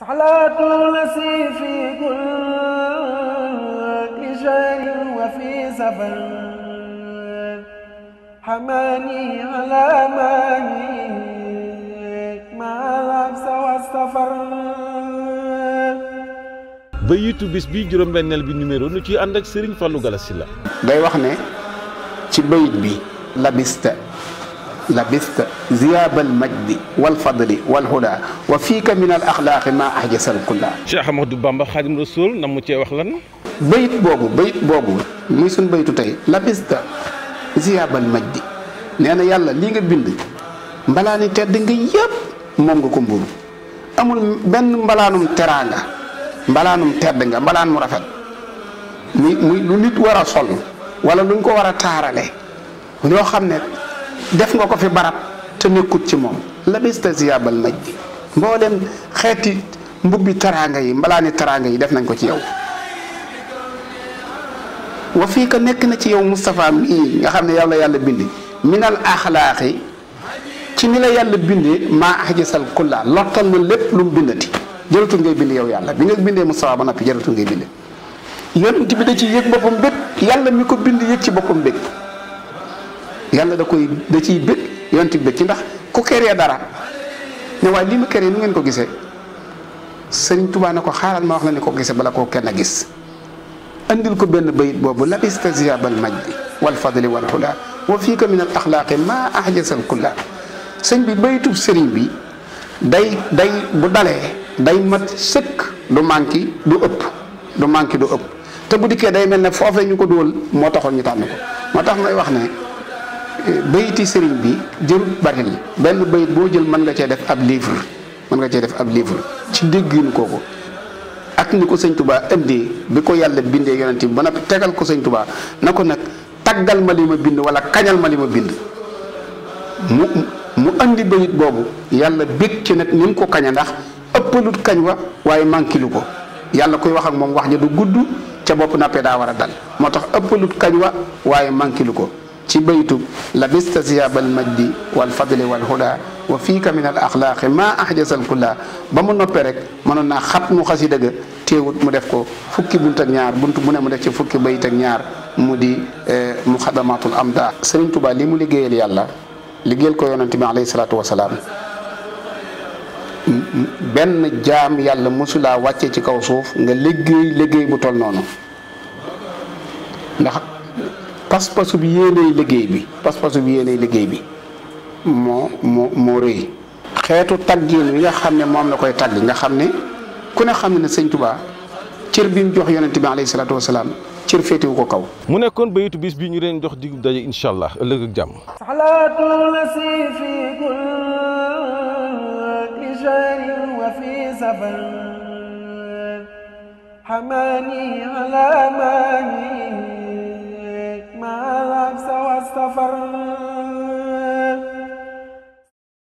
salaatu lasi fi kulli shay'in wa fi safar hamani alamani malabsa wa safar ba bis bi juróom-benneel bi numéro nu ciy ànd ak Serigne Fallou Galass la. day wax ne ci bayit bi labista لبثت زياب المجد والفضل والهدى وفيك من الاخلاق ما احجس الكل شيخ محمود بامبا خادم الرسول نمو واخ لان بيت بوبو بيت بوبو مي سون بيتو تاي لبثت زياب المجد نانا يالا ليغا بيند مبلاني تيد غي ييب مونغو كو مبور امول بن مبلانوم تيرانغا مبلانوم تيد غا مبلان مو رافات مي مي لو نيت ورا سول ولا لو نكو ورا تارالي لو خامني def nga ko fi barab te nekkut ci moom la bis te mboolem xeeti mbubbi taraanga yi mbalaani taraanga yi def nañ ko ci yow wa fii ko nekk na ci yow Moustapha mii nga xam ne yàlla yàlla bind minal axlaaxi ci ni la yàlla bindee maa axjisal kulla lottal na lépp lu mu bindati jëratul ngay bind yow yàlla bi nga bindee Moustapha ba noppi jëratul ngay bind yonent bi da ci yëg boppam bëgg yàlla mi ko bind yëg ci boppam bëgg yàlla da koy da ciy bég yonti bég ci ndax ku kéré dara ne waaye lii ma kéré nu ngeen ko gisee sëriñ Tuubaa ko xaaral ma wax la ne ko gisee bala koo kenn a gis andil ko benn bayit boobu labista ziyabal majdi wal fadli wal xula wa fii ka min axlaaqi ma ahjasal kulla sëñ bi baytub sëriñ bi day day bu dalee day mat sëkk du manki du ëpp du manki du ëpp te bu dikkee day mel ne foofu ñu ko dóol moo taxoon ñu tànn ko moo tax may wax ne bayiti sëriñ bi jërul baril benn bayit boo jël man nga cee def ab livre mën nga cee def ab livre ci déggin kooku ak ni ko sëñ tubaa indee bi ko yàlla bindee yonent ba noppi tegal ko sëñ tubaa na ko nag taggal ma li ma bind wala kañal bind mu mu bayit boobu yàlla bég ci nag ni mu ko kaña ndax ëppalut kañ wa waaye mankilu ko yàlla koy wax moom wax ja du gudd ca bopp nappee daa war a dal moo tax ëppalut kañ wa waaye mankilu ko ci baytub labista ziyabal majdi wal fadli wal huda wa fiika min al axlaaqi ma ahjasal kulla ba mu noppee rek mënoon naa xat mu xasida ga teewut mu def ko fukki bunt ak ñaar bunt bu ne mu def ci fukki bayt ak ñaar mu di eh, muxadamatul amda Sëriñ Tuubaa li mu liggéeyal yàlla liggéeyal ko yonante bi alayhi salaatu wasalaam benn jaam yàlla mosulaa wàcce ci kaw suuf nga liggéey liggéey bu toll noonu ndax pas-pasu bi yene liggey bi pas-pasu bi yene liggey bi mo mo moo rëy xeetu taggiin wi nga xamne mom la koy tagg nga xamne ku ne xamne seigne touba cieur bi mu jox yonent bi alayhi salaatu wasalaam cër féetewu ko kaw mu ne kon bayitu bis bi ñu leen jox digub daje incha allah ëllëg ak jàmm fi safar حماني على ماني